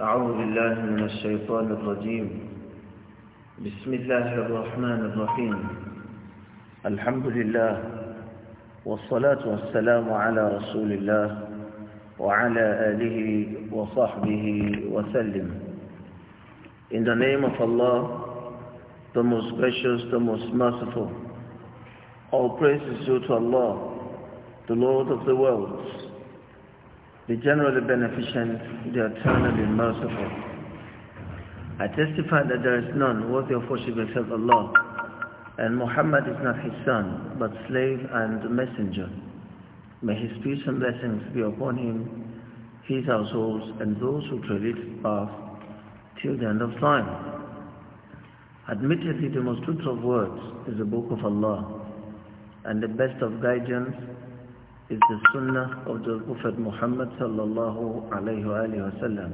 أعوذ بالله من الشيطان الرجيم بسم الله الرحمن الرحيم الحمد لله والصلاة والسلام على رسول الله وعلى آله وصحبه وسلم In the name of Allah, the most gracious, the most merciful, all praise is due to Allah, the Lord of the worlds, the generally beneficent, the eternally merciful. I testify that there is none worthy of worship except Allah, and Muhammad is not his son, but slave and messenger. May his peace and blessings be upon him, his households, and those who tread his path till the end of time. Admittedly, the most truthful of words is the Book of Allah, and the best of guidance is the sunnah of the Prophet Muhammad sallallahu alayhi wasallam.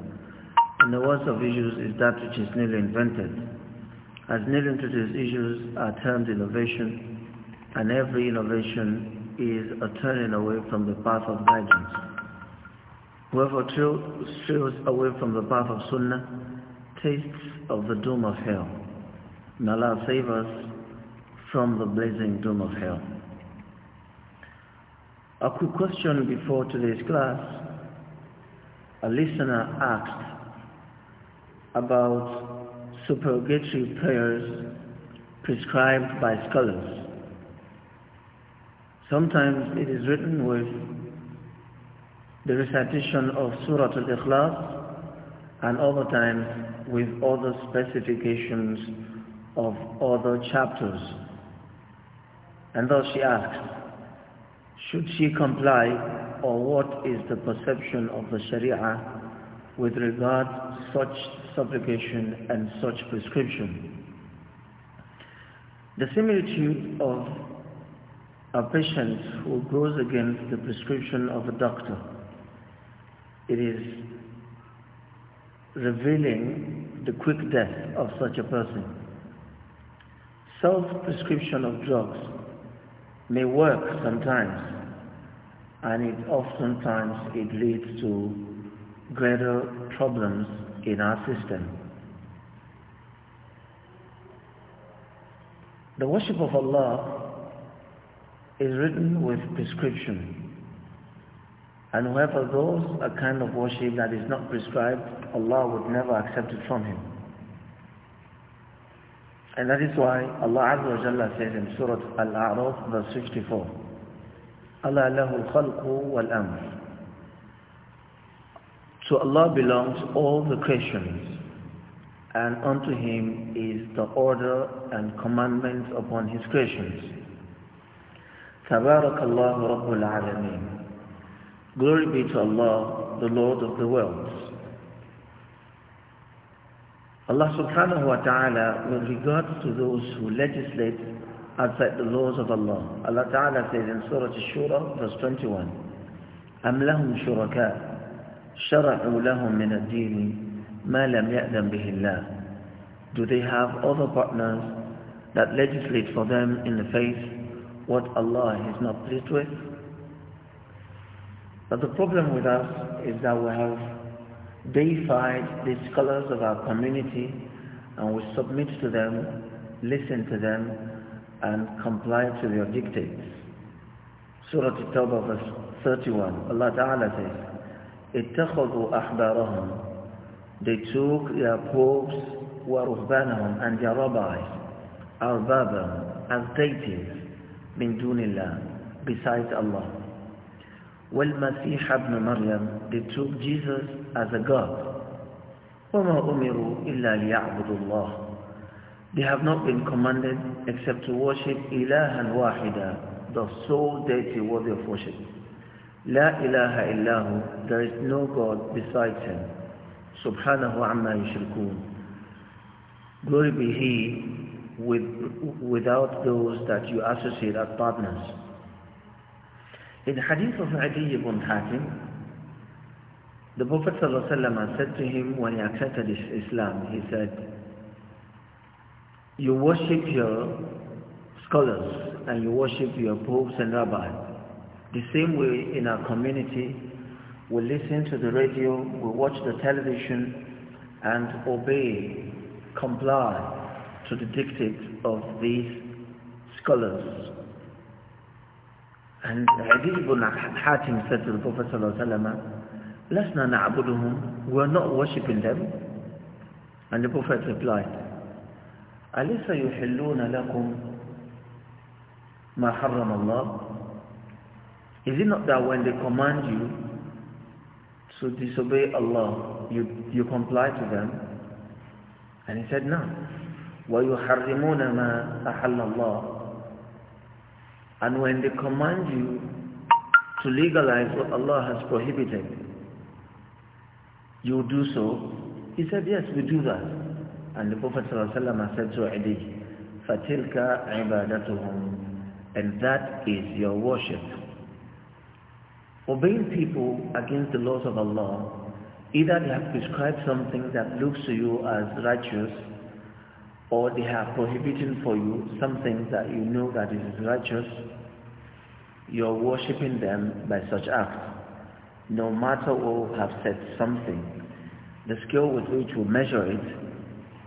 And the worst of issues is that which is newly invented. As newly introduced issues are termed innovation, and every innovation is a turning away from the path of guidance. Whoever strays away from the path of sunnah tastes of the doom of hell. May Allah save us from the blazing doom of hell. A quick question before today's class. A listener asked about supererogatory prayers prescribed by scholars. Sometimes it is written with the recitation of Surah Al-Ikhlas and other times with other specifications of other chapters. And thus she asked. Should she comply or what is the perception of the Sharia with regard such supplication and such prescription? The similitude of a patient who goes against the prescription of a doctor. It is revealing the quick death of such a person. Self-prescription of drugs may work sometimes and it oftentimes it leads to greater problems in our system. The worship of Allah is written with prescription. And whoever goes a kind of worship that is not prescribed, Allah would never accept it from him. And that is why Allah Azza wa Jalla says in Surah Al-A'raf verse 64, Allah khalqu wal-amr. To Allah belongs all the creations, and unto Him is the order and commandments upon His creations. Tabarakallahu Rabbul Alameen. Glory be to Allah, the Lord of the worlds. Allah subhanahu wa ta'ala, with regards to those who legislate outside the laws of Allah. Allah Ta'ala says in Surah Al-Shura, verse 21, أَمْ لَهُمْ شُرَكَاءُ شَرَعُوا لَهُمْ مِنَ الدِّينِ مَا لَمْ يَأْذَنْ بِهِ اللَّهِ Do they have other partners that legislate for them in the faith what Allah is not pleased with? But the problem with us is that we have deified the scholars of our community and we submit to them, listen to them, and comply to your dictates. Surah At-Tawbah verse 31, Allah Ta'ala says, اتَّخَذُوا أَحْبَارَهُمْ They took their popes وَرُهْبَانَهُمْ and their rabbis, أَرْبَابًا as deities, مِن دُونِ اللَّهِ besides Allah. وَالْمَسِيحَ ابْنُ مَرْيَمْ They took Jesus as a God. وَمَا أُمِرُوا إِلَّا لِيَعْبُدُوا اللَّهِ they have not been commanded except to worship ilahan wahida, the sole deity worthy of worship. La ilaha illahu, there is no God besides him. Subhanahu amma yushrikun. Glory be He with, without those that you associate as partners. In hadith of Adi ibn Hatim, the Prophet ﷺ said to him when he accepted Islam, he said, you worship your scholars and you worship your popes and rabbis. The same way in our community, we listen to the radio, we watch the television and obey, comply to the dictates of these scholars. And Hadith ibn Hatim said to the Prophet ﷺ, لَسْنَا نَعْبُدُهُمْ We're not worshipping them. And the Prophet replied, أليس Allah? Is it not that when they command you to disobey Allah, you, you comply to them? And he said, no. وَيُحَرِّمُونَ ma أَحَلَّ Allah And when they command you to legalize what Allah has prohibited, you do so. He said, yes, we do that. And the Prophet ﷺ said to Adi, "Fatilka ibadatuhum," And that is your worship. Obeying people against the laws of Allah, either they have prescribed something that looks to you as righteous, or they have prohibited for you something that you know that is righteous, you're worshipping them by such acts. No matter who have said something, the scale with which we measure it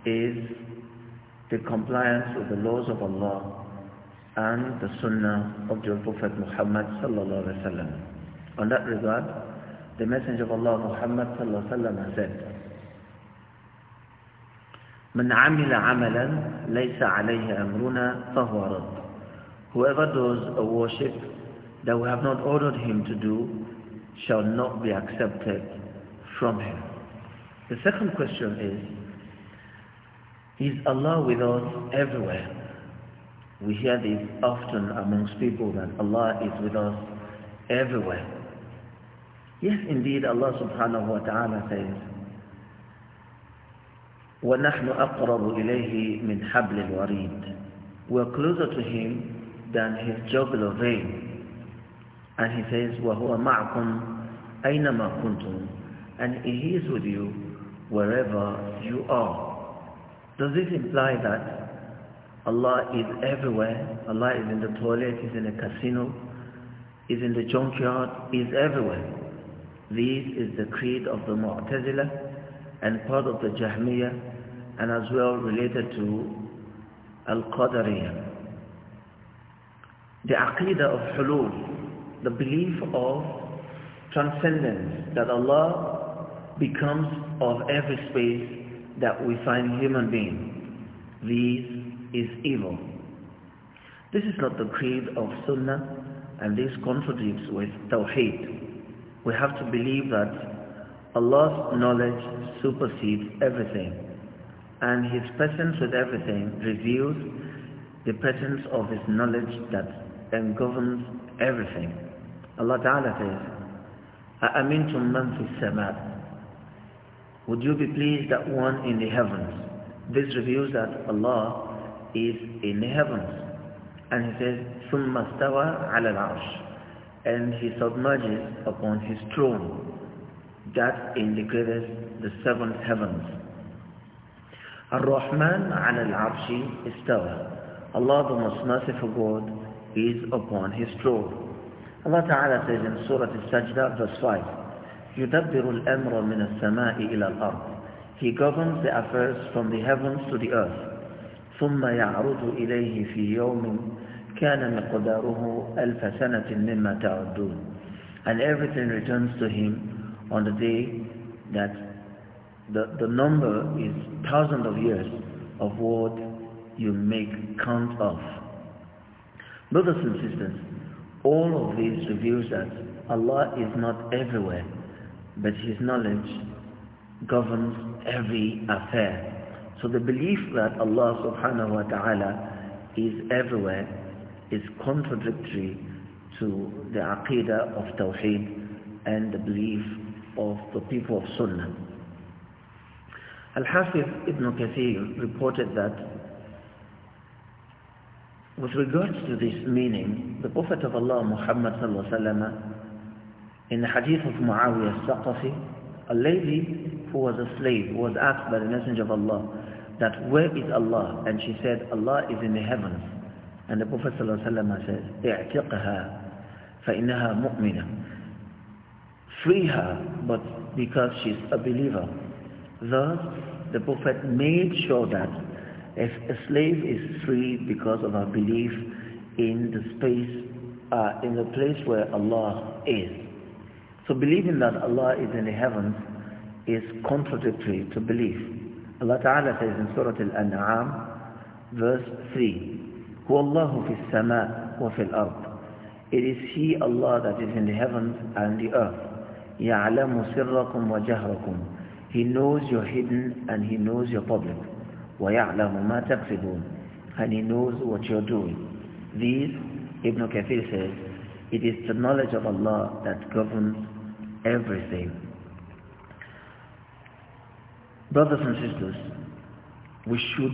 is the compliance with the laws of Allah and the Sunnah of the Prophet Muhammad sallallahu alaihi wasallam. On that regard, the Messenger of Allah Muhammad sallallahu alaihi wasallam said, من عمل عملا ليس عليه أمرنا فهو رد. Whoever does a worship that we have not ordered him to do shall not be accepted from him. The second question is, is Allah with us everywhere? We hear this often amongst people that Allah is with us everywhere. Yes, indeed, Allah subhanahu wa ta'ala says, وَنَحْنُ أَقْرَبُ إِلَيْهِ مِنْ حَبْلِ الْوَرِيدِ We're closer to Him than His jugular vein. And He says, وَهُوَ مَعْكُمْ أَيْنَمَا كُنْتُمْ And He is with you wherever you are. Does this imply that Allah is everywhere? Allah is in the toilet, is in a casino, is in the junkyard, is everywhere. This is the creed of the Mu'tazila and part of the Jahmiya, and as well related to Al-Qadariyah. The Aqidah of Hulul, the belief of transcendence, that Allah becomes of every space that we find human beings. This is evil. This is not the creed of Sunnah and this contradicts with Tawheed. We have to believe that Allah's knowledge supersedes everything and His presence with everything reveals the presence of His knowledge that governs everything. Allah Ta'ala says, أَأَمِنْتُمْ مَنْ فِي السَّمَاءِ would you be pleased that one in the heavens? This reveals that Allah is in the heavens. And he says, ثُمَّ اسْتَوَى عَلَى الْعَرْشِ And he submerges upon his throne. That indicates the seventh heavens. الرحمن على العرش استوى Allah the most merciful God is upon his throne. Allah Ta'ala says in Surah Al-Sajdah verse 5 يدبر الأمر من السماء إلى الأرض He governs the affairs from the heavens to the earth ثم يعرض إليه في يوم كان مقداره ألف سنة مما تعدون And everything returns to him on the day that the, the number is thousands of years of what you make count of. Brothers and sisters, all of this reveals that Allah is not everywhere but his knowledge governs every affair. So the belief that Allah subhanahu wa ta'ala is everywhere is contradictory to the aqidah of Tawheed and the belief of the people of Sunnah. Al-Hafiz Ibn Kathir reported that with regards to this meaning, the Prophet of Allah Muhammad sallallahu in the hadith of Muawiyah al-Saqafi, a lady who was a slave was asked by the Messenger of Allah that where is Allah? And she said, Allah is in the heavens. And the Prophet ﷺ says, اعتقها فإنها مؤمنة. Free her, but because she's a believer. Thus, the Prophet made sure that if a slave is free because of her belief in the space, uh, in the place where Allah is, so believing that Allah is in the heavens is contradictory to belief. Allah Ta'ala says in Surah Al-An'am, verse 3, It is He, Allah, that is in the heavens and the earth. يَعْلَمُ سِرَّكُمْ وَجَهْرَكُمْ He knows your hidden and He knows your public. وَيَعْلَمُ مَا And He knows what you're doing. These, Ibn Kathir says, it is the knowledge of Allah that governs everything. Brothers and sisters, we should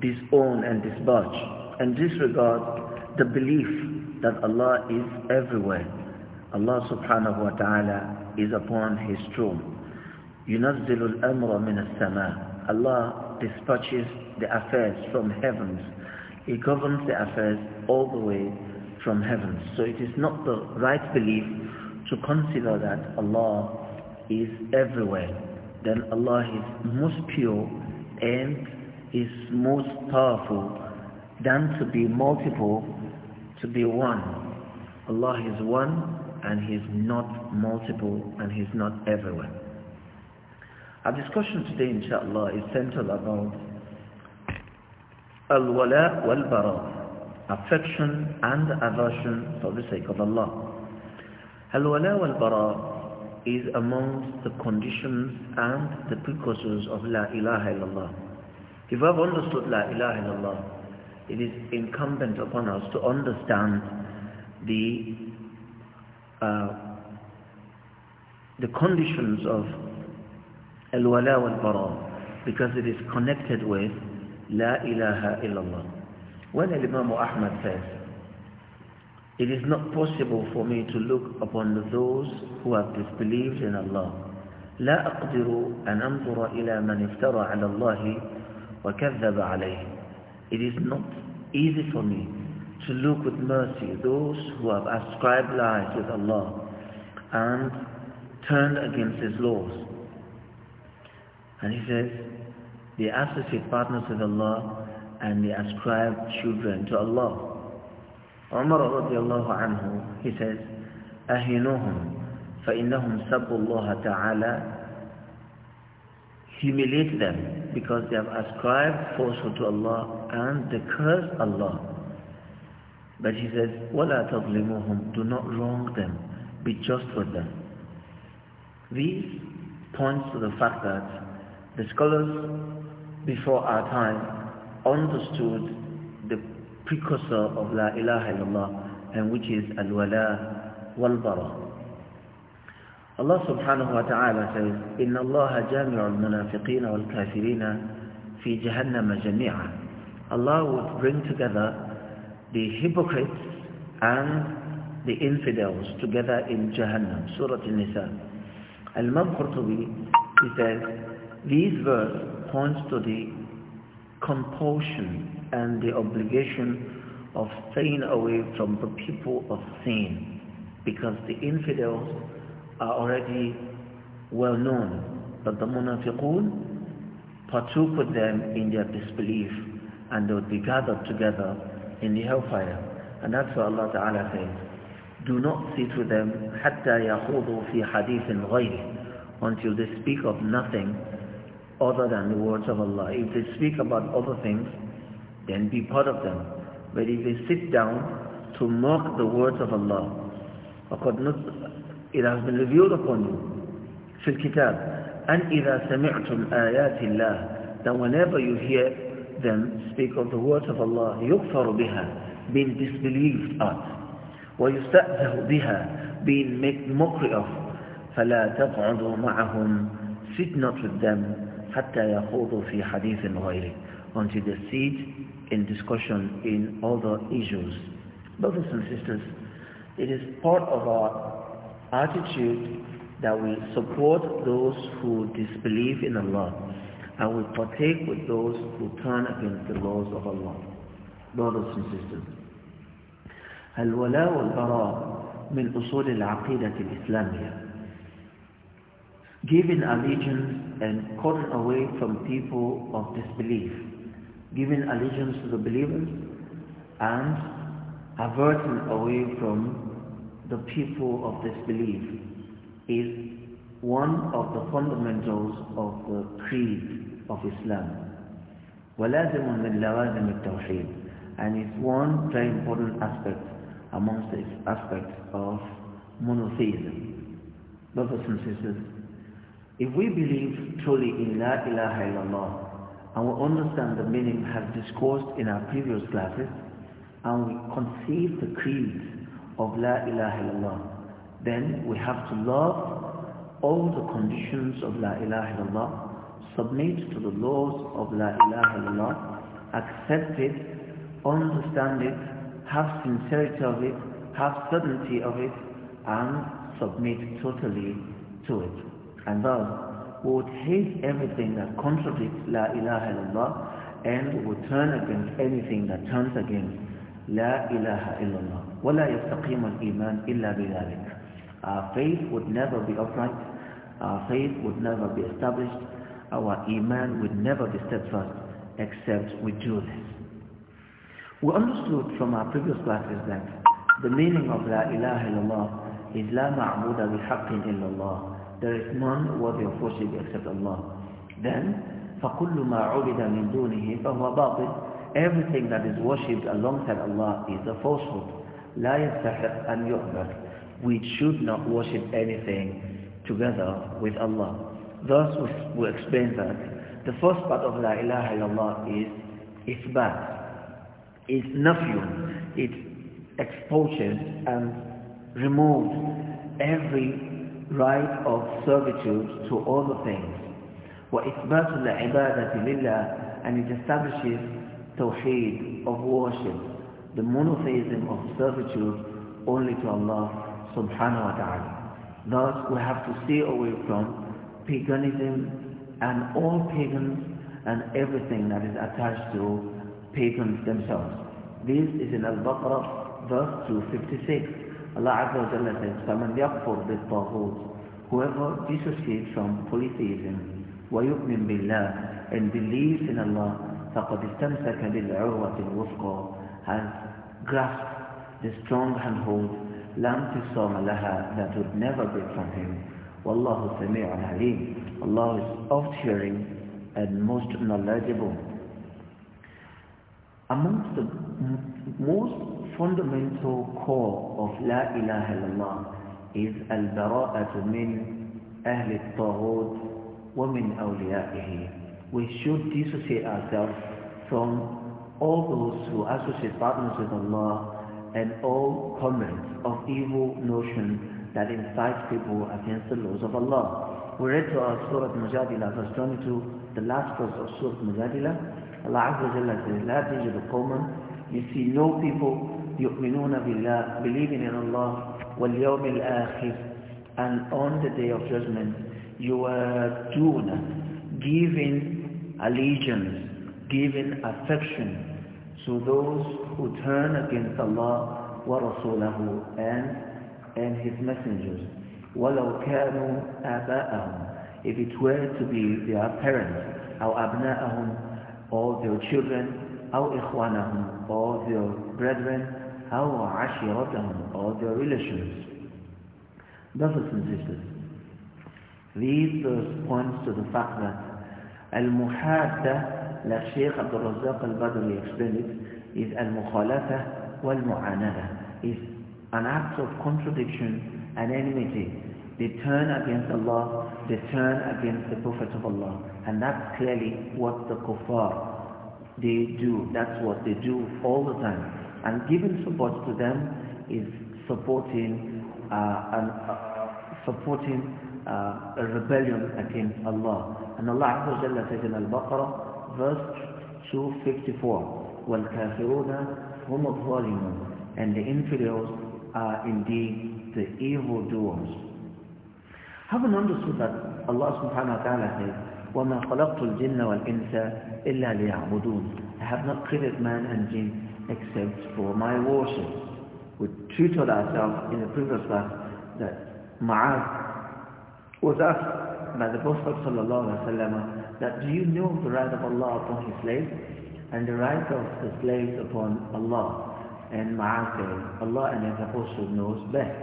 disown and disbarge and disregard the belief that Allah is everywhere. Allah subhanahu wa ta'ala is upon his throne. يُنَزِّلُ الْأَمْرَ مِنَ السَّمَاءِ Allah dispatches the affairs from heavens. He governs the affairs all the way from heavens. So it is not the right belief to consider that Allah is everywhere, then Allah is most pure and is most powerful than to be multiple, to be one. Allah is one and He's not multiple and He's not everywhere. Our discussion today, inshallah, is centered about al-wala wal-bara, affection and aversion for the sake of Allah. Al-wala wal-bara is amongst the conditions and the precursors of La ilaha illallah. If we have understood La ilaha illallah, it is incumbent upon us to understand the uh, the conditions of Al-Wala wal-Bara because it is connected with La ilaha illallah. When Imam Ahmad says, it is not possible for me to look upon those who have disbelieved in Allah. لا أقدر أن أنظر إلى من افترى على الله وكذب عليه. It is not easy for me to look with mercy those who have ascribed lies with Allah and turned against His laws. And he says, they associate partners with Allah and they ascribe children to Allah. Umar radiallahu anhu, he says, "Ahinuhum, فإنهم سبوا الله تعالى Humiliate them because they have ascribed falsehood to Allah and they curse Allah. But he says, وَلَا Do not wrong them. Be just with them. These points to the fact that the scholars before our time understood precursor of La ilaha illallah and which is Al-Wala wal-Bara. Allah subhanahu wa ta'ala says, إِنَّ Allah جَامِعُ الْمُنَافِقِينَ وَالْكَافِرِينَ fi Jahannam jami'a." Allah would bring together the hypocrites and the infidels together in Jahannam, Surah Al-Nisa. al Qurtubi, he says, these verse points to the compulsion and the obligation of staying away from the people of sin because the infidels are already well known but the munafiqun partook with them in their disbelief and they would be gathered together in the hellfire and that's what Allah Ta'ala says do not sit with them حَتَّى يَخُوضُوا فِي حَدِيثٍ غَيْرٍ until they speak of nothing other than the words of Allah. If they speak about other things, then be part of them. But if they sit down to mock the words of Allah, it has been revealed upon you في Kitab, and إذا سمعتم آيات الله that whenever you hear them speak of the words of Allah يكفر بها being disbelieved at ويستأذه بها being made mockery of فلا تقعدوا معهم sit not with them حتى يخوضوا في حديث غيره until the seat in discussion in other issues. Brothers and sisters, it is part of our attitude that we support those who disbelieve in Allah and we partake with those who turn against the laws of Allah. Brothers and sisters, الولاء والبراء من أصول العقيدة الإسلامية giving allegiance and cutting away from people of disbelief giving allegiance to the believers and averting away from the people of disbelief is one of the fundamentals of the creed of Islam. ولازم من لوازم التوحيد and it's one very important aspect amongst the aspects of monotheism. Brothers and sisters, if we believe truly in La ilaha illallah and we understand the meaning have discoursed in our previous classes and we conceive the creed of La ilaha illallah, then we have to love all the conditions of La ilaha illallah, submit to the laws of La ilaha illallah, accept it, understand it, have sincerity of it, have certainty of it, and submit totally to it. And thus, would hate everything that contradicts La ilaha illallah and would turn against anything that turns against La ilaha illallah. وَلَا يَسْتَقِيمُ الْإِيمَانِ illa بِذَلِكَ Our faith would never be upright. Our faith would never be established. Our Iman would never be steadfast except we do this. We understood from our previous classes that the meaning of La ilaha illallah is La ma'buda bihaqqin illallah. There is none worthy of worship except Allah. Then, فَكُلُّ مَا عُبِدَ مِن دُونِهِ فَهُوَ بَاطِلٌ Everything that is worshipped alongside Allah is a falsehood. لَا يَسْتَحِقْ أَنْ يُعْبَدْ We should not worship anything together with Allah. Thus, we explain that the first part of La ilaha illallah is إثبات. It's nafyu. It's exposes and removes every right of servitude to all the things. وإثبات العبادة لله and it establishes tawheed of worship, the monotheism of servitude only to Allah subhanahu wa ta'ala. Thus we have to stay away from paganism and all pagans and everything that is attached to pagans themselves. This is in Al-Baqarah verse 256. Allah Azza wa Jalla says, فَمَنْ يَقْفُرْ بِالطَّاغُوتِ Whoever dissociates from polytheism, وَيُؤْمِنْ بِاللَّهِ and believes in Allah, فَقَدْ اسْتَمْسَكَ بِالْعُرْوَةِ الْوُثْقَى has grasped the strong handhold, لَمْ تِسَوْمَ لَهَا that would never break from him. وَاللَّهُ سَمِيعٌ Allah is oft-hearing and most knowledgeable. Amongst the most fundamental core of La ilaha illallah is al-bara'atu min ahli al-taghut wa min awliyaihi. We should dissociate ourselves from all those who associate partners with Allah and all comments of evil notions that incite people against the laws of Allah. We read to us Surah Mujadila verse 22, the last verse of Surah Mujadila. Allah Azza wa Jalla says, لا تجد you see no people يؤمنون بالله believing in Allah واليوم الآخر and on the day of judgment you are doing giving allegiance giving affection to those who turn against Allah ورسوله and and his messengers ولو كانوا آباءهم if it were to be their parents أو أبناءهم or their children أو إخوانهم or their brethren أو عشيرتهم or their relations. Brothers and sisters, these verse points to the fact that المحادة like Shaykh Abdul Razak al-Badri explained it, is al-mukhalafah wal-mu'anada, is an act of contradiction and enmity. They turn against Allah, they turn against the Prophet of Allah. And that's clearly what the kuffar, they do. That's what they do all the time. And giving support to them is supporting uh, and uh, supporting uh, a rebellion against Allah. And Allah Azza wa Jalla says in Al-Baqarah, verse 254, وَالْكَافِرُونَ هُمُ الظَّالِمُونَ And the infidels are indeed the evildoers. Having understood that Allah subhanahu wa ta'ala says, وَمَا خَلَقْتُ الْجِنَّ وَالْإِنسَ إِلَّا لِيَعْبُدُونَ I have not created man and jinn except for my worship. We treated ourselves in the previous class that Ma'az was asked by the Prophet ﷺ that do you know the right of Allah upon his slaves and the right of the slaves upon Allah? And Ma'az said, Allah and his apostle knows best.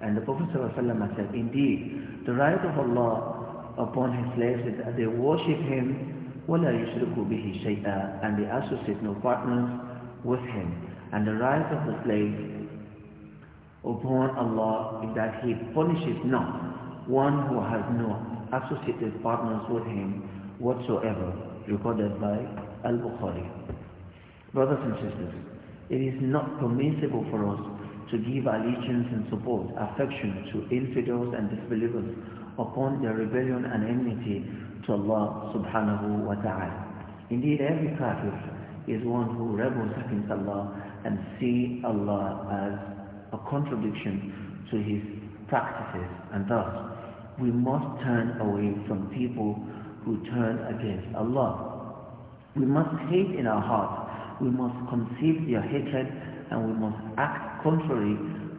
And the Prophet ﷺ said, indeed, the right of Allah upon his slaves is that they worship him وَلَا يشرك بِهِ شَيْئًا and they associate no partners with him and the rights of the slave upon Allah is that he punishes not one who has no associated partners with him whatsoever recorded by Al-Bukhari. Brothers and sisters, it is not permissible for us to give allegiance and support, affection to infidels and disbelievers upon their rebellion and enmity to Allah subhanahu wa ta'ala. Indeed, every kafir is one who rebels against Allah and see Allah as a contradiction to his practices and thus we must turn away from people who turn against Allah. We must hate in our hearts, we must conceive their hatred and we must act contrary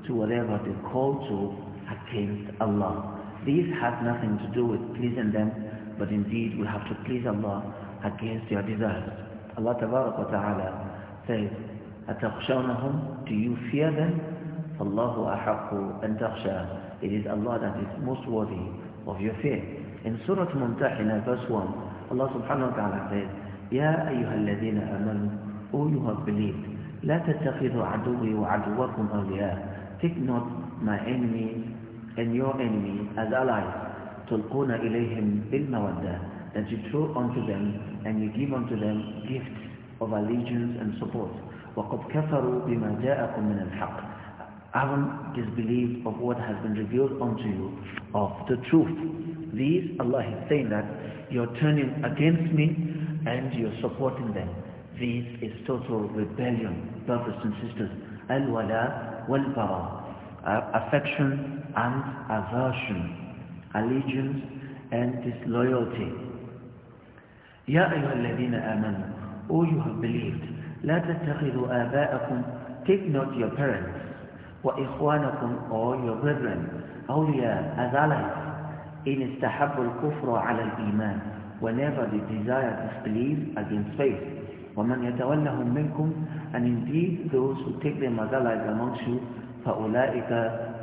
to whatever they call to against Allah. This has nothing to do with pleasing them, but indeed we have to please Allah against their desires. Allah Ta'ala says, أَتَخْشَوْنَهُمْ Do you fear them? فَاللَّهُ أَحَقُّ أَن تَخْشَى It is Allah that is most worthy of your fear. In Surah Mumtahina verse 1, Allah Subhanahu Wa Ta'ala says, يَا أَيُّهَا الَّذِينَ آمَنُوا O you have believed, لا تتخذوا عدوي وعدوكم أولياء Take not my enemy and your enemy as allies تلقون إليهم بالمودة that you throw onto them and you give unto them gifts of allegiance and support. وَقَدْ كَفَرُوا بِمَا جَاءَكُم مِّنَ الْحَقِّ Haven't disbelieved of what has been revealed unto you of the truth. These, Allah is saying that you're turning against me and you're supporting them. This is total rebellion, brothers and sisters. Al-wala wal-bara. Affection and aversion. Allegiance and disloyalty. يا أيها الذين آمنوا O you have believed لا تتخذوا آباءكم Take not your parents وإخوانكم or your brethren أولياء as allies إن استحبوا الكفر على الإيمان whenever they desire disbelief against faith ومن يتولهم منكم and indeed those who take them as allies amongst you فأولئك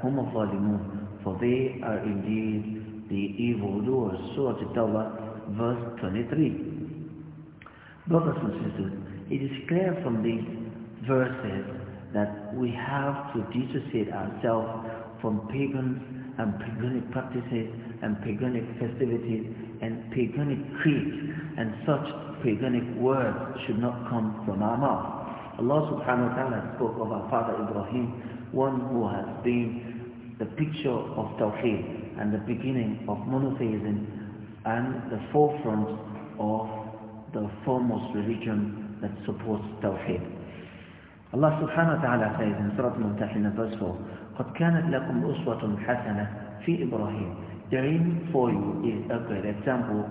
هم الظالمون for they are indeed the evildoers. Surah al tawbah verse 23. Brothers and sisters, it is clear from these verses that we have to dissociate ourselves from pagan and paganic practices and paganic festivities and paganic creeds and such paganic words should not come from our mouth. Allah subhanahu wa ta'ala spoke of our father Ibrahim, one who has been the picture of Tawheed and the beginning of monotheism and the forefront of the foremost religion that supports Tawheed. Allah subhanahu wa ta'ala says in Surah Al-Mumtahin verse 4, قَدْ كَانَتْ لَكُمْ أُسْوَةٌ حَسَنَةٌ فِي إِبْرَاهِيمٍ Therein for you is a great example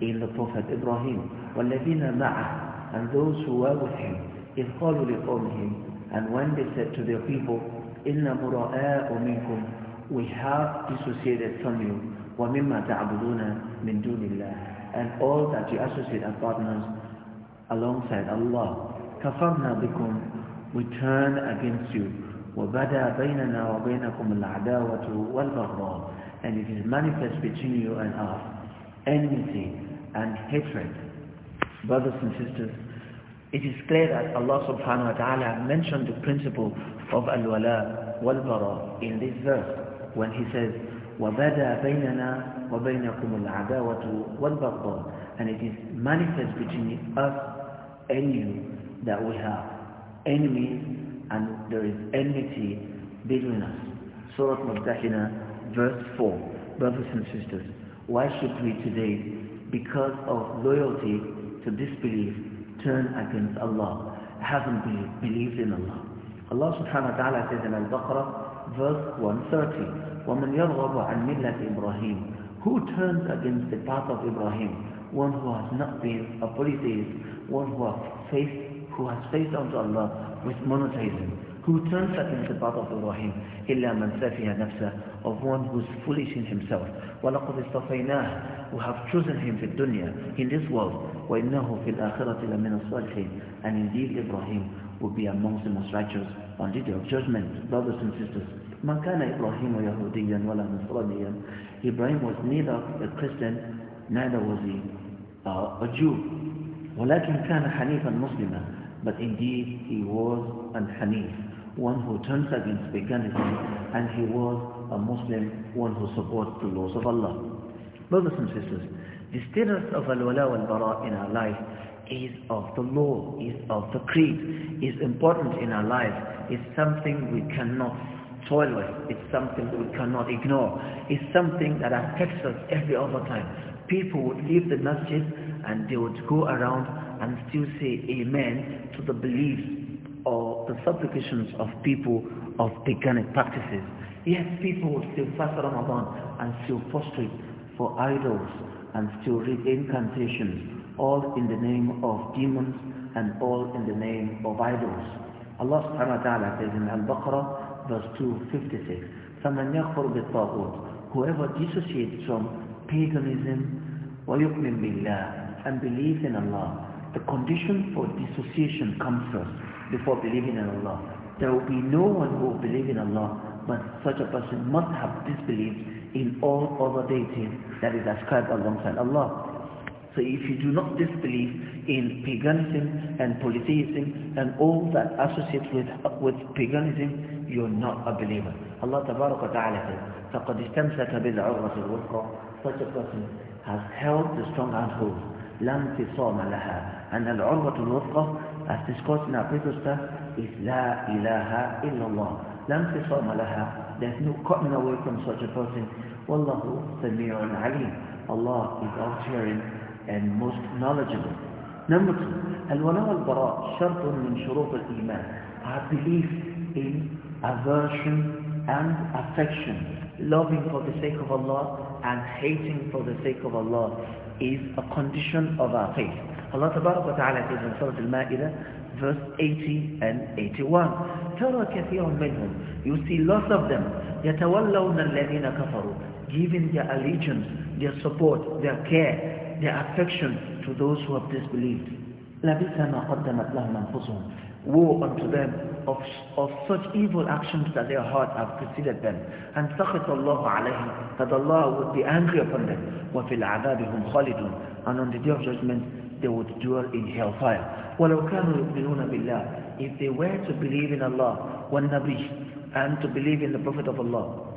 in the Prophet Ibrahim. وَالَّذِينَ مَعَهُ And those who were with him, إِذْ قَالُوا لِقَوْمِهِمْ And when they said to their people, إِنَّ بُرَآءُ مِنْكُمْ We have dissociated from you. وَمِمَّا تَعْبُدُونَ مِنْ دُونِ اللَّهِ and all that you associate as partners alongside Allah. كَفَرْنَا بِكُمْ We turn against you. وَبَدَى بَيْنَنَا وَبَيْنَكُمُ الْعَدَاوَةُ وَالْبَغْضَاءُ And it is manifest between you and us, enmity and hatred. Brothers and sisters, it is clear that Allah subhanahu wa ta'ala mentioned the principle of al-wala wal-bara in this verse when he says, وَبَدَى بَيْنَنَا وَبَيْنَكُمُ الْعَدَاوَةُ وَالْبَغْضَةُ And it is manifest between us and you that we have enemies and there is enmity between us. Surah Mudahina, verse 4. Brothers and sisters, why should we today, because of loyalty to disbelief, turn against Allah? Haven't believed, believed in Allah. Allah subhanahu wa ta'ala says in Al-Baqarah, verse 130, وَمَنْ يَرْغَبُ عَنْ مِلَّةِ إِبْرَاهِيمِ who turns against the path of Ibrahim? One who has not been a polytheist, one who has faced, who has faced unto Allah with monotheism, who turns against the path of Ibrahim, illa man سَفِيهَ نَفْسَهُ of one who is foolish in himself. وَلَقَدْ اصْطَفَيْنَاهُ who have chosen him for dunya, in this world, وَإِنَّهُ فِي الْآخِرَةِ لَمِنَ الصَّالِحِينَ And indeed Ibrahim will be amongst the most righteous on the day of judgment. Brothers and sisters, مَنْ كَانَ إِبْرَاهِيمُ يَهُودِيًّا Ibrahim was neither a Christian, neither was he uh, a Jew. ولكن كان حنيفا مسلما but indeed he was an Hanif, one who turns against paganism, and he was a Muslim, one who supports the laws of Allah. Brothers and sisters, the status of al-wala wal-bara in our life is of the law, is of the creed, is important in our lives, is something we cannot toil with, it's something we cannot ignore, it's something that affects us every other time. People would leave the masjid and they would go around and still say amen to the beliefs or the supplications of people of pagan practices. Yes, people would still fast Ramadan and still prostrate for idols and still read incantations all in the name of demons and all in the name of idols. Allah subhanahu wa ta'ala says in Al-Baqarah verse 256, فَمَنْ يَغْفُرْ بِالطَّاغُوتِ Whoever dissociates from paganism وَيُؤْمِن بِاللَّهِ and believes in Allah. The condition for dissociation comes first before believing in Allah. There will be no one who will believe in Allah, but such a person must have disbelieved in all other deities that is ascribed alongside Allah. So if you do not disbelieve in paganism and polytheism and all that associates with, with paganism, you're not a believer. Allah Tabaraka Ta'ala says, فَقَدْ اسْتَمْسَكَ الْوُثْقَى Such a person has held the strong handhold, لَا انْتِصَامَ لَهَا And الْعُرْوَةُ الْوُثْقَى, as discussed in our previous class, is لَا إِلَهَ إِلَّا اللَّهُ لَا انْتِصَامَ لَهَا There's no cutting away from such a person. وَاللَّهُ سَمِيعٌ عَلِيمٌ Allah is all hearing and most knowledgeable. Number two, al-wala wal-bara, shartun min shurut al-iman. Our belief in aversion and affection, loving for the sake of Allah and hating for the sake of Allah is a condition of our faith. Allah Ta'ala says in Surah Al-Ma'idah, verse 80 and 81. ترى كثير منهم you see lots of them يتولون الذين كفروا giving their allegiance their support their care their affection to those who have disbelieved. Woe unto them of, of such evil actions that their hearts have preceded them. And سَخِطَ اللَّهُ عَلَيْهِمْ That Allah would be angry upon them. وَفِي الْعَذَابِهُمْ خَالِدُونَ And on the day of judgment, they would dwell in hellfire. وَلَوْ كَانُوا يُؤْمِنُونَ بِاللَّهِ If they were to believe in Allah, one Nabi, and to believe in the Prophet of Allah,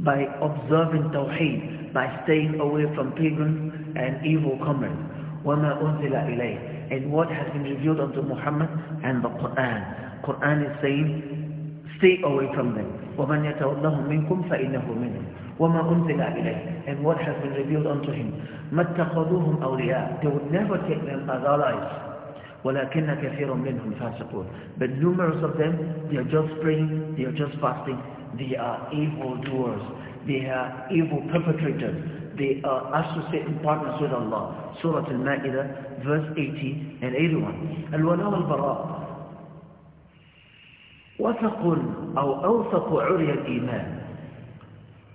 by observing Tawheed, by staying away from pagans and evil commerce. وَمَا أُنزِلَ إِلَيْهِ And what has been revealed unto Muhammad and the Quran. Quran is saying, stay away from them. وَمَنْ يَتَوَلَّهُمْ مِنْكُمْ فَإِنَّهُ مِنْهُمْ وَمَا أُنزِلَ إِلَيْهِ And what has been revealed unto him. مَتَّخَذُوهُمْ أَوْلِيَاءَ They would never take them as allies. ولكن كثير منهم فاسقون but numerous of them they are just praying they are just fasting they are evil doers. They are evil perpetrators. They are associating partners with Allah. Surah Al-Ma'idah, verse 80 and 81. Al-Wala wal-Bara' وثق awthaku أوثق al-iman.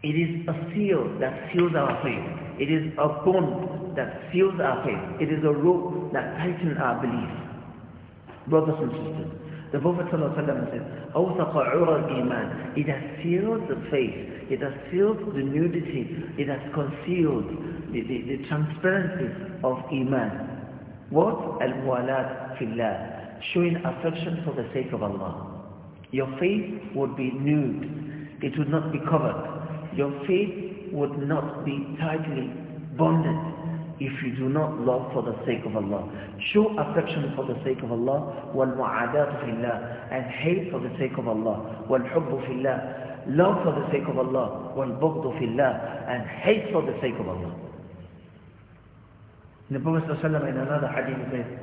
It It is a seal that seals our faith. It is a bond that seals our faith. It is a rope that tightens our belief. Brothers and sisters, the Prophet ﷺ says, iman. It has sealed the face. It has sealed the nudity. It has concealed the, the, the transparency of iman. What? al fil fillah. Showing affection for the sake of Allah. Your faith would be nude. It would not be covered. Your faith would not be tightly bonded if you do not love for the sake of Allah. Show affection for the sake of Allah, وَالْمُعَادَاتُ فِي اللَّهِ and hate for the sake of Allah, وَالْحُبُّ فِي اللَّهِ love for the sake of Allah, وَالْبُغْضُ فِي اللَّهِ and hate for the sake of Allah. The Prophet ﷺ in another hadith says,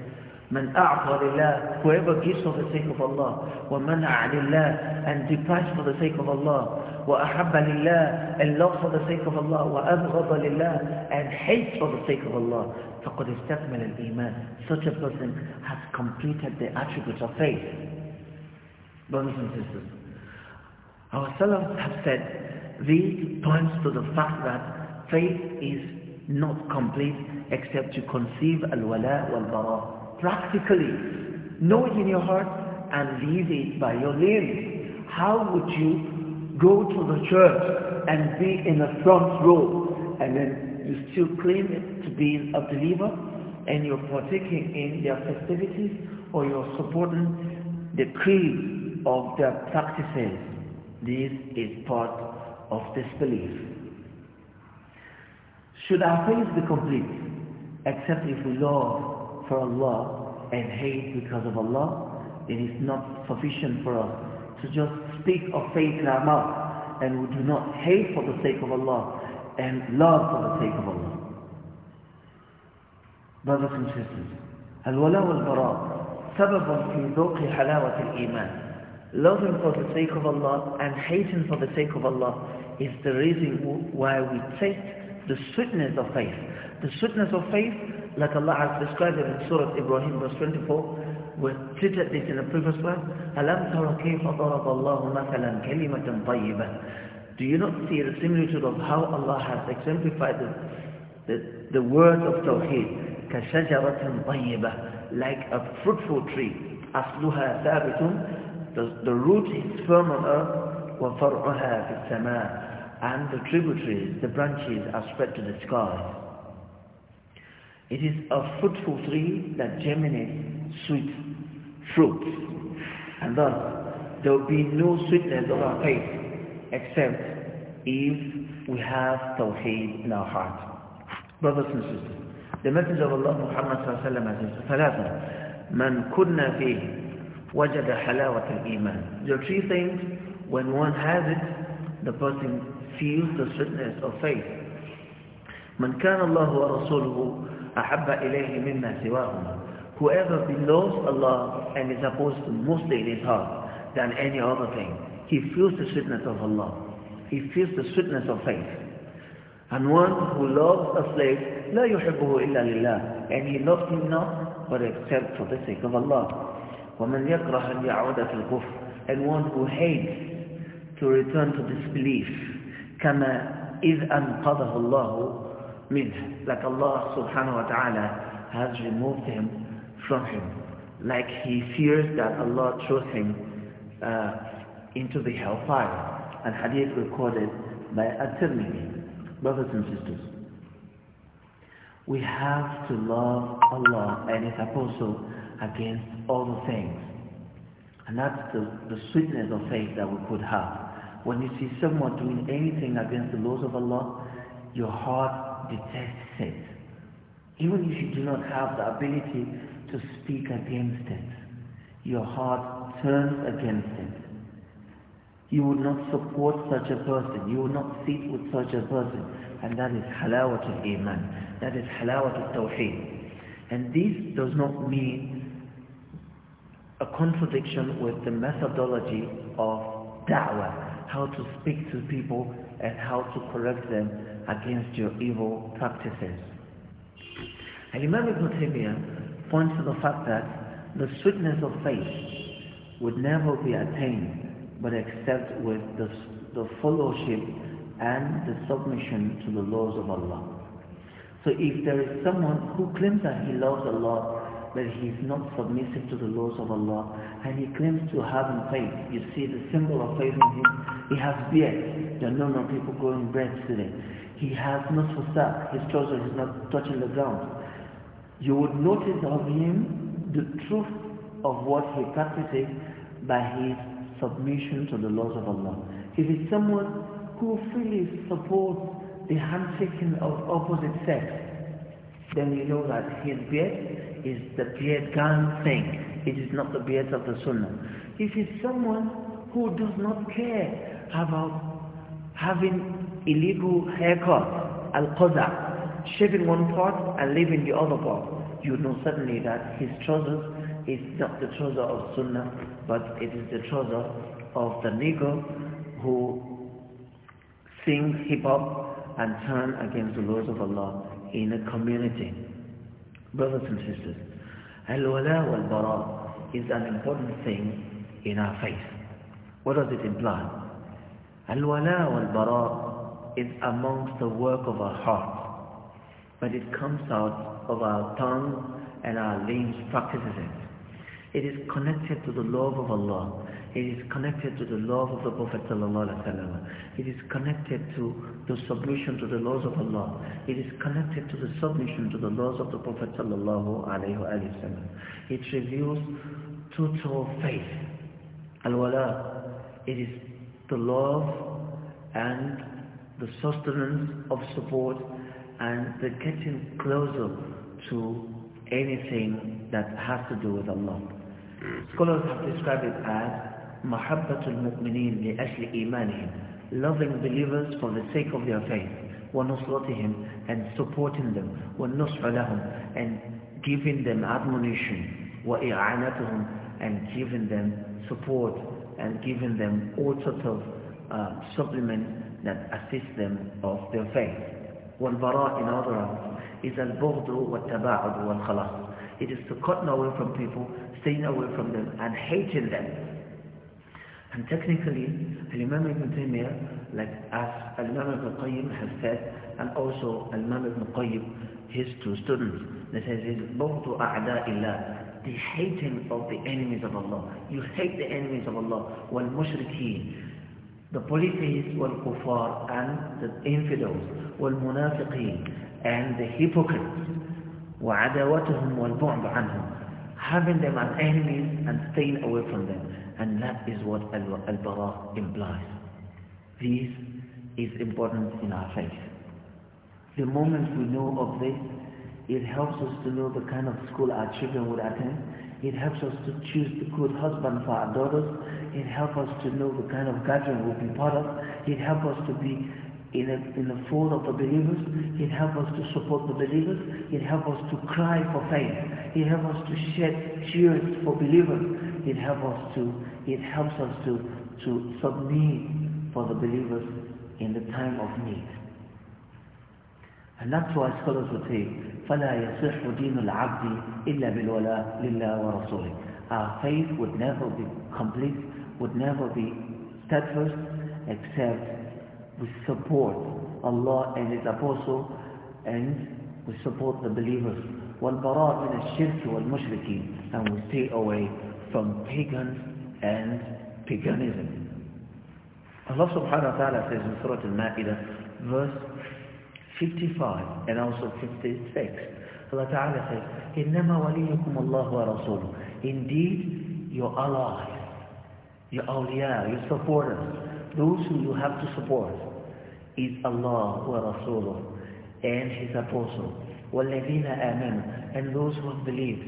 من أعطى لله whoever gives for the sake of Allah ومنع لله and deprives for the sake of Allah وأحب لله and love for the sake of Allah وأبغض لله and hate for the sake of Allah فقد استكمل الإيمان such a person has completed the attributes of faith brothers and sisters our Salaf have said these points to the fact that faith is not complete except to conceive al-wala wal-bara practically know it in your heart and leave it by your limbs how would you Go to the church and be in the front row and then you still claim to be a believer and you're partaking in their festivities or you're supporting the creed of their practices. This is part of disbelief. Should our faith be complete except if we love for Allah and hate because of Allah? It is not sufficient for us to just speak of faith in our mouth and we do not hate for the sake of Allah and love for the sake of Allah. Brothers and sisters, الولاء والبراء سبب في ذوق حلاوة الإيمان Loving for the sake of Allah and hating for the sake of Allah is the reason why we taste the sweetness of faith. The sweetness of faith, like Allah has described it in Surah Ibrahim verse 24, was treated this in the previous verse. أَلَمْ كَيْفَ ضَرَبَ اللَّهُ مَثَلًا كَلِمَةً طَيِّبًة Do you not see the similitude of how Allah has exemplified the, the, the word of Tawheed? كَشَجَرَةً طَيِّبَةً Like a fruitful tree. أَصْلُهَا ثَابِتٌ the, the root is firm on earth وَفَرْعُهَا فِي السَّمَاءِ And the tributaries, the branches are spread to the sky. It is a fruitful tree that germinates sweet fruits. And thus, there will be no sweetness of our faith except if we have Tawheed in our heart. Brothers and sisters, the message of Allah Muhammad Sallallahu said, Man kunna fihi wajada halawat al-iman. There are three things. When one has it, the person feels the sweetness of faith. Man كان الله ورسوله أحب إليه مما سواهما Whoever belows Allah and is opposed to mostly his heart than any other thing. He feels the sweetness of Allah. He feels the sweetness of faith. And one who loves a slave, لا يحبه إلا لله. And he loves him not but except for the sake of Allah. ومن يكره أن يعود في الكفر. And one who hates to return to disbelief. كما إذ أنقذه الله منه. Like Allah subhanahu wa ta'ala has removed him from him, like he fears that Allah throws him uh, into the hellfire. And hadith recorded by At-Tirmidhi. Brothers and sisters, we have to love Allah and His Apostle against all the things. And that's the, the sweetness of faith that we could have. When you see someone doing anything against the laws of Allah, your heart detests it. Even if you do not have the ability to speak against it. Your heart turns against it. You would not support such a person. You would not sit with such a person. And that is halawatul iman. That is halawatul tawheed. And this does not mean a contradiction with the methodology of da'wah. How to speak to people and how to correct them against your evil practices. And Imam Ibn Taymiyyah points to the fact that the sweetness of faith would never be attained but except with the, the fellowship and the submission to the laws of Allah. So if there is someone who claims that he loves Allah, but he is not submissive to the laws of Allah, and he claims to have faith, you see the symbol of faith in him, he has beard, there are no more people growing beards today. He has no fasad, his trousers is not touching the ground you would notice of him the truth of what he practices by his submission to the laws of Allah. He is someone who freely supports the handshaking of opposite sex, then you know that his beard is the beard gang thing. It is not the beard of the Sunnah. If it's someone who does not care about having illegal haircut, al-qaza, shaving one part and leaving the other part, you know certainly that his trousers is not the trouser of Sunnah, but it is the trouser of the nigger who sings hip-hop and turn against the laws of Allah in a community. Brothers and sisters, al-wala wal-bara is an important thing in our faith. What does it imply? Al-wala wal-bara is amongst the work of our heart but it comes out of our tongue and our limbs practices it. It is connected to the love of Allah. It is connected to the love of the Prophet It is connected to the submission to the laws of Allah. It is connected to the submission to the laws of the Prophet It reveals total faith. Al-Wala, it is the love and the sustenance of support and they're getting closer to anything that has to do with Allah. Mm-hmm. Scholars have described it as mahabbatul mu'minin li ashli imanihim, loving believers for the sake of their faith, wa nusratihim, and supporting them, wa nusra and giving them admonition, wa i'anatuhum, and giving them support, and giving them all sorts of uh, supplements that assist them of their faith. والبراء in other is البغض والتباعد wal-taba'ud is to cut away from people, staying away from them and hating them. And technically, imam Ibn Taymiyyah, like as Al-Imam Ibn Qayyim has said, and also Al-Imam Ibn Qayyim, his two students, they says is bughd a'da'illah, the hating of the enemies of Allah. You hate the enemies of Allah, wal-mushrikeen, the polytheists, wal-kuffar, and the infidels. والمنافقين and the hypocrites وعداوتهم والبعد عنهم having them as enemies and staying away from them and that is what Al-Bara implies this is important in our faith the moment we know of this it helps us to know the kind of school our children would attend. It helps us to choose the good husband for our daughters. It helps us to know the kind of guardian we'll be part of. It helps us to be in, a, in the fold of the believers. he helps help us to support the believers. he helps help us to cry for faith. he helps help us to shed tears for believers. He'll help us to, it helps us to, to submit for the believers in the time of need. And that's why scholars would say, فَلَا يَصِحُ دِينُ الْعَبْدِ إِلَّا بِالْوَلَى لِلَّهِ وَرَسُولِهِ Our faith would never be complete, would never be steadfast, except we support Allah and His Apostle and we support the believers. وَالْبَرَاء مِنَ الشِّرْكِ وَالْمُشْرِكِينَ And we stay away from pagans and paganism. Allah subhanahu wa ta'ala says in Surah Al-Ma'idah, verse 55 and also 56, Allah ta'ala says, إِنَّمَا وَلِيُّكُمُ اللَّهُ وَرَسُولُهُ Indeed, your allies, your awliya, your supporters, those who you have to support, is Allah wa Rasuluh and His Apostle. وَالَّذِينَ آمَنُوا and those who have believed.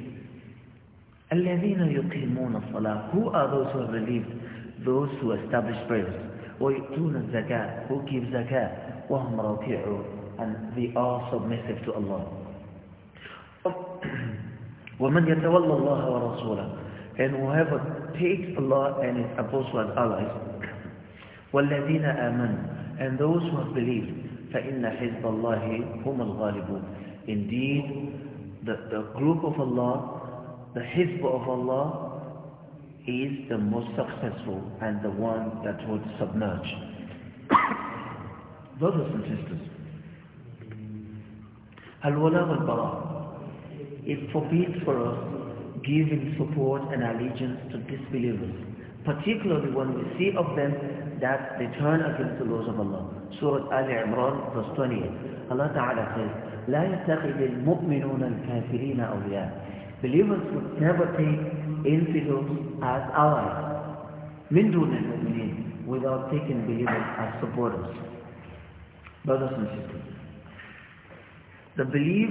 الَّذِينَ يُقِيمُونَ الصَّلَاةِ Who are those who have believed? Those who establish prayers. وَيُؤْتُونَ الزَّكَاةِ Who give zakah? وَهُمْ رَاكِعُونَ And they are submissive to Allah. وَمَنْ يَتَوَلَّ اللَّهَ وَرَسُولَهُ and whoever takes Allah and His Apostle as allies, وَالَّذِينَ آمَنُوا and those who have believed. فَإِنَّ حِزْبَ اللَّهِ هُمَ الْغَالِبُونَ Indeed, the, the group of Allah, the Hizb of Allah, is the most successful and the one that would submerge. Brothers and sisters, Al-Wala it forbids for us giving support and allegiance to disbelievers, particularly when we see of them that they turn against the laws of Allah. Surah Al Imran, verse 28. Allah Ta'ala says, لا يتخذ المؤمنون الكافرين أولياء. Believers would never take infidels as allies. من دون المؤمنين without taking believers as supporters. Brothers and sisters, the belief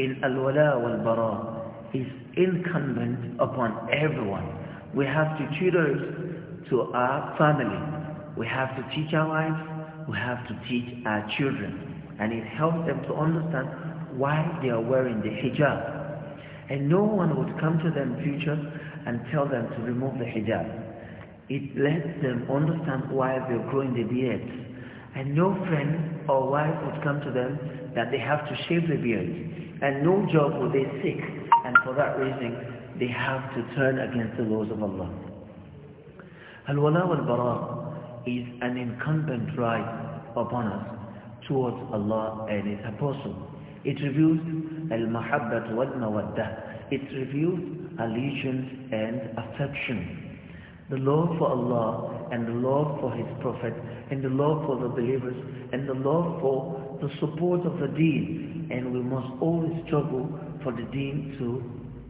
in al-wala wal-bara is incumbent upon everyone. We have to tutor to our family. We have to teach our wives, we have to teach our children. And it helps them to understand why they are wearing the hijab. And no one would come to them in future and tell them to remove the hijab. It lets them understand why they're growing the beard, And no friend or wife would come to them that they have to shave the beard. And no job would they seek. And for that reason, they have to turn against the laws of Allah. Al-wala wal-bara is an incumbent right upon us towards Allah and His Apostle. It reveals al-mahabbat wal-mawaddah. It reveals allegiance and affection. The love for Allah and the love for His Prophet and the love for the believers and the love for the support of the deen. And we must always struggle for the deen to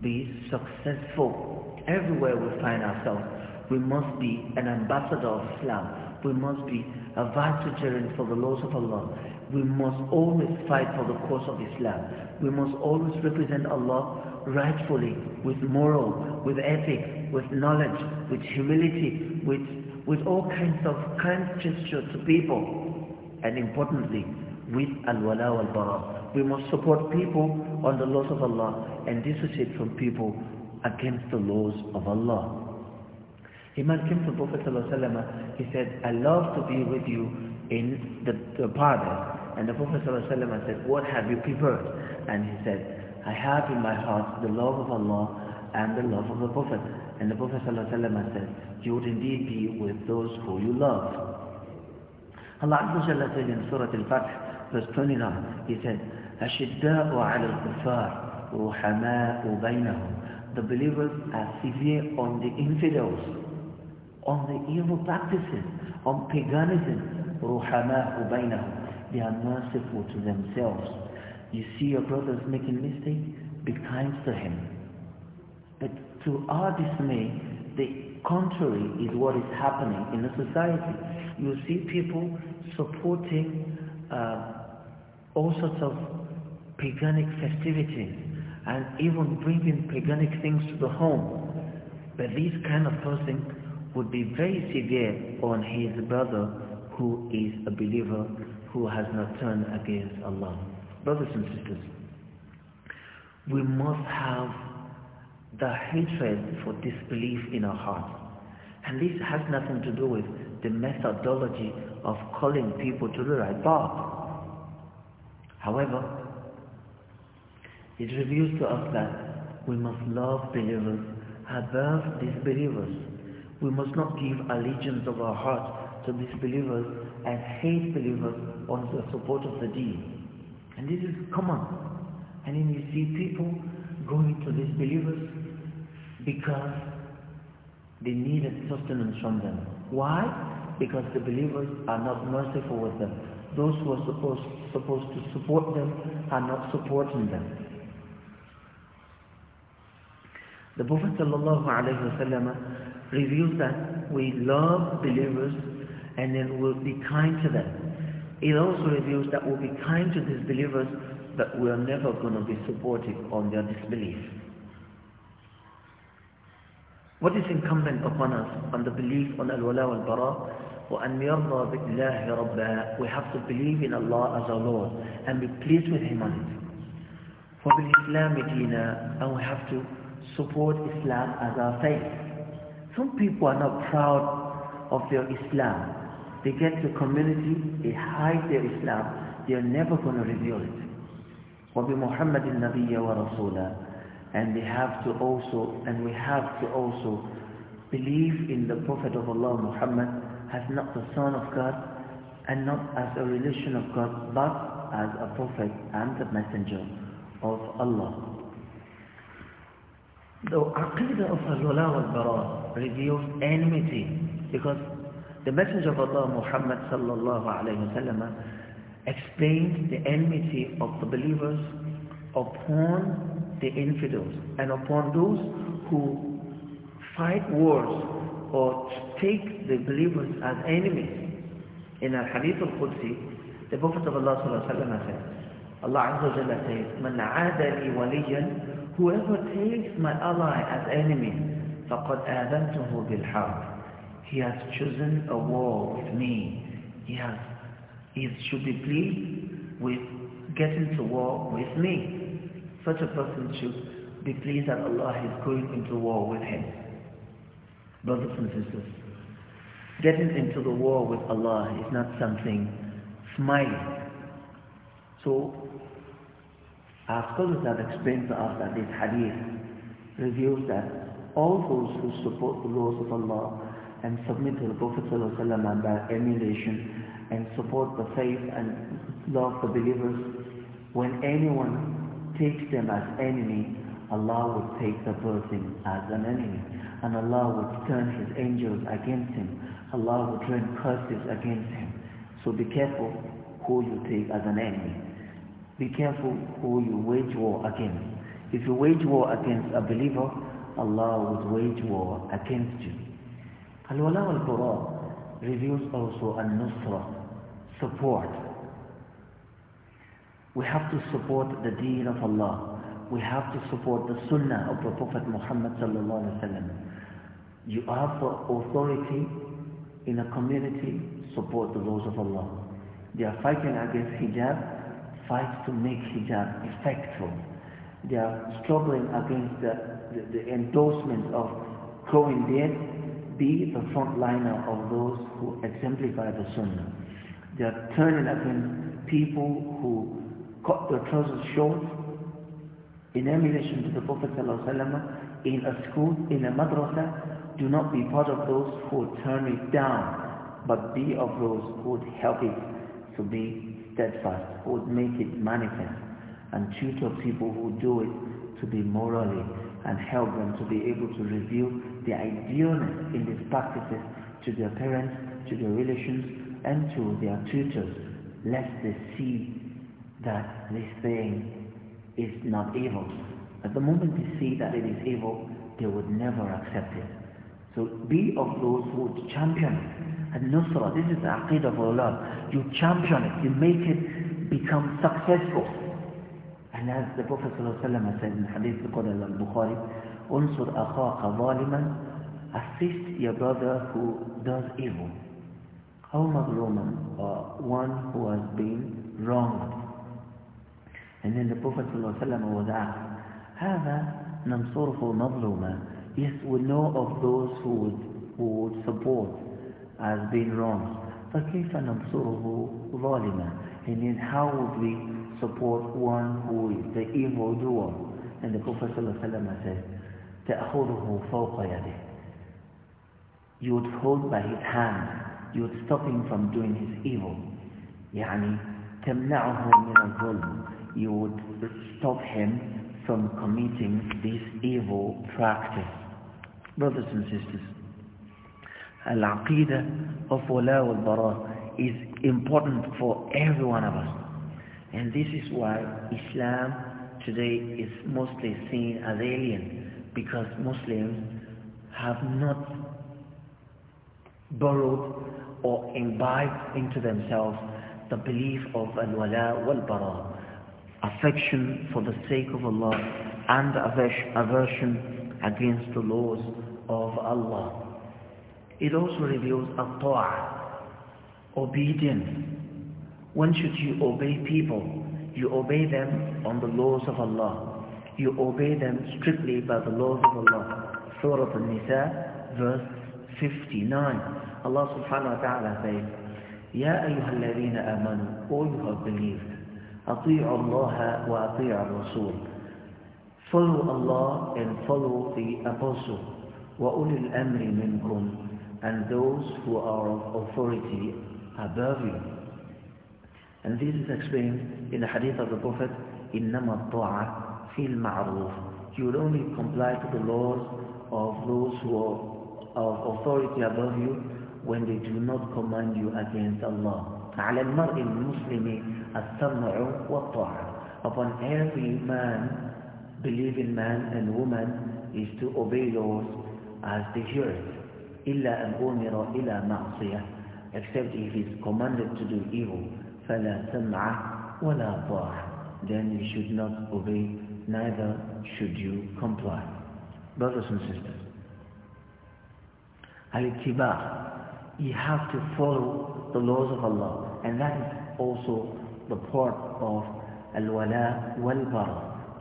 be successful. Everywhere we find ourselves, we must be an ambassador of Islam we must be a vicegerent for the laws of Allah. We must always fight for the cause of Islam. We must always represent Allah rightfully, with moral, with ethics, with knowledge, with humility, with, with all kinds of kind gestures to people. And importantly, with al-wala wal-bara. We must support people on the laws of Allah and dissociate from people against the laws of Allah. A man came to Prophet ﷺ, he said, I love to be with you in the, the paradise. And the Prophet ﷺ said, what have you prepared? And he said, I have in my heart the love of Allah and the love of the Prophet. And the Prophet ﷺ said, you would indeed be with those who you love. Allah Azza wa said in Surah Al-Fatih, verse 29, he said, أَشِدَّاءُ عَلَى الْكُفَّارِ wa بَيْنَهُمْ The believers are severe on the infidels on the evil practices, on paganism. رُحَمَاءُ بَيْنَهُمْ They are merciful to themselves. You see your is making mistake, be kind to him. But to our dismay, the contrary is what is happening in the society. You see people supporting uh, all sorts of paganic festivities and even bringing paganic things to the home. But these kind of persons would be very severe on his brother who is a believer who has not turned against Allah. Brothers and sisters, we must have the hatred for disbelief in our heart. And this has nothing to do with the methodology of calling people to the right path. However, it reveals to us that we must love believers above disbelievers. We must not give allegiance of our heart to disbelievers and hate believers on the support of the deen. And this is common. And then you see people going to disbelievers because they needed sustenance from them. Why? Because the believers are not merciful with them. Those who are supposed, supposed to support them are not supporting them. The Prophet ﷺ reveals that we love believers and then we'll be kind to them. It also reveals that we'll be kind to these believers but we're never going to be supportive on their disbelief. What is incumbent upon us on the belief on al-wala wal-bara وأن يرضى بالله ربا We have to believe in Allah as our Lord and be pleased with Him on it. وبالإسلام دينا and we have to support Islam as our faith. Some people are not proud of their Islam. They get to community, they hide their Islam. They are never going to reveal it. وَبِمُحَمَّدٍ نَبِيَّ وَرَسُولًا And they have to also, and we have to also believe in the Prophet of Allah Muhammad as not the Son of God and not as a relation of God, but as a Prophet and the Messenger of Allah. The aqidah of al-wala wal reveals enmity because the Messenger of Allah Muhammad sallallahu alayhi wa explains the enmity of the believers upon the infidels and upon those who fight wars or take the believers as enemies. In a hadith al-Qudsi, the Prophet of Allah sallallahu alayhi wa sallam said, Allah Azza wa Jalla says, مَنْ عَادَ لِي وَلِيًّا Whoever takes my ally as enemy, فَقَدْ آذَنْتُهُ بِالْحَرْبِ He has chosen a war with me. He has, he should be pleased with getting to war with me. Such a person should be pleased that Allah is going into war with him. Brothers and sisters, getting into the war with Allah is not something smiling. So our scholars have explained to us that this hadith reveals that all those who support the laws of Allah and submit to the Prophet ﷺ and by emulation and support the faith and love the believers, when anyone takes them as enemy, Allah would take the person as an enemy and Allah would turn his angels against him. Allah would rain curses against him. So be careful who you take as an enemy. Be careful who you wage war against. If you wage war against a believer, Allah would wage war against you. Al-Wala al-Qura reveals also a nusra support. We have to support the deen of Allah. We have to support the sunnah of the Prophet Muhammad sallallahu alaihi wasallam. You are for authority in a community, support the laws of Allah. They are fighting against hijab, fight to make hijab effective. They are struggling against the, the, the endorsement of going there, be the frontliner of those who exemplify the sunnah. They are turning against people who cut their trousers short in emulation to the Prophet ﷺ, in a school, in a madrasa, do not be part of those who turn it down, but be of those who help it to be steadfast, would make it manifest and tutor people who do it to be morally and help them to be able to reveal the idealness in these practices to their parents, to their relations, and to their tutors, lest they see that this thing is not evil. At the moment they see that it is evil, they would never accept it. So be of those who champion Nusra. This is the Aqidah of Allah. You champion it, you make it become successful. And as the Prophet ﷺ said in Hadith al-Bukhari, أنصر أخاك ظالما Assist your brother who does evil. a مظلوما or one who has been wronged. And then the Prophet ﷺ was asked, هذا ننصره مظلوما Yes, we know of those who would, who would support has been wronged. فَكَيْفَ نَنْصُرُهُ ظَالِمًا And then how would we support one who is the evil doer? And the Prophet وسلم said, تَأْخُرُهُ فَوْقَ يَدِهِ You would hold by his hand, you would stop him from doing his evil. يعني تمنعه من الظلم You would stop him from committing this evil practice. Brothers and sisters, Al-aqidah of wala wal bara is important for every one of us. And this is why Islam today is mostly seen as alien because Muslims have not borrowed or imbibed into themselves the belief of al-wala wal-bara, affection for the sake of Allah and aversion against the laws of Allah. It also reveals a taah obedience. When should you obey people? You obey them on the laws of Allah. You obey them strictly by the laws of Allah. Surah Al-Nisa, verse 59. Allah subhanahu wa ta'ala says, يَا أَيُّهَا الَّذِينَ آمَنُوا All who have believed, أَطِيعُوا اللَّهَ وَأَطِيعُوا الرَّسُولَ Follow Allah and follow the Apostle. وَأُولِي الْأَمْرِ مِنْكُمْ and those who are of authority above you. And this is explained in the hadith of the Prophet, إِنَّمَا الطَّاعَ فِي الْمَعْرُوفِ You will only comply to the laws of those who are of authority above you when they do not command you against Allah. على المرء المسلم السمع والطاعة Upon every man, believing man and woman, is to obey laws as they hear it. إلا أن أمر إلى معصية except if he is commanded to do evil فلا سمع ولا طاعة then you should not obey neither should you comply brothers and sisters al you have to follow the laws of Allah and that is also the part of al-wala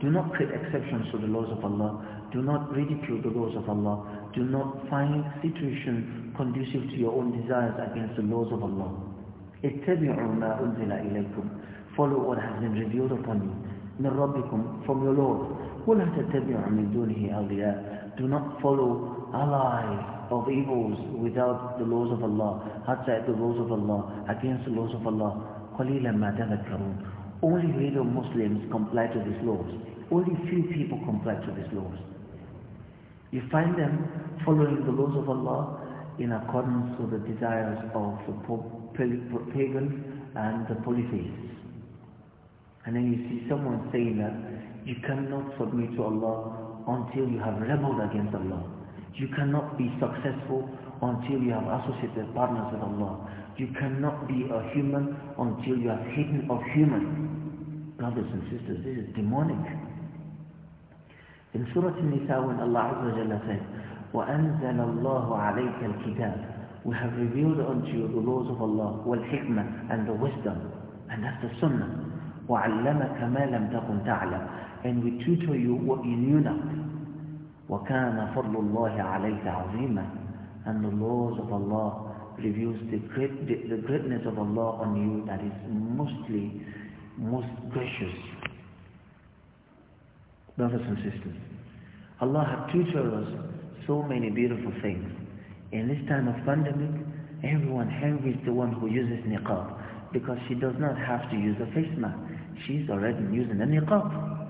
do not create exceptions to the laws of Allah do not ridicule the laws of Allah do not find situation conducive to your own desires against the laws of Allah. اتبعوا ما أنزل إليكم Follow what has been revealed upon you. من ربكم From your Lord. ولا تتبعوا من دونه Do not follow allies of evils without the laws of Allah, outside the laws of Allah, against the laws of Allah. قَلِيلًا مَا تَذَكَّرُونَ Only little Muslims comply to these laws. Only few people comply to these laws. You find them following the laws of Allah in accordance with the desires of the pagans and the polytheists. And then you see someone saying that you cannot submit to Allah until you have rebelled against Allah. You cannot be successful until you have associated partners with Allah. You cannot be a human until you have hidden of human. Brothers and sisters, this is demonic. In Surah An-Nisa when Allah Azza wa Jalla said, وَأَنزَلَ اللَّهُ عَلَيْكَ الْكِتَابِ We have revealed unto you the laws of Allah, وَالْحِكْمَةِ and the wisdom, and that's the sunnah. وَعَلَّمَكَ مَا لَمْ تَكُنْ تَعْلَمْ And we tutor you what you knew not. وَكَانَ فَضْلُ اللَّهِ عَلَيْكَ عَظِيمًا And the laws of Allah reveals the, great, the, the greatness of Allah on you that is mostly most gracious Brothers and sisters, Allah has tutored us so many beautiful things. In this time of pandemic, everyone envies the one who uses niqab because she does not have to use a face mask. She's already using a niqab.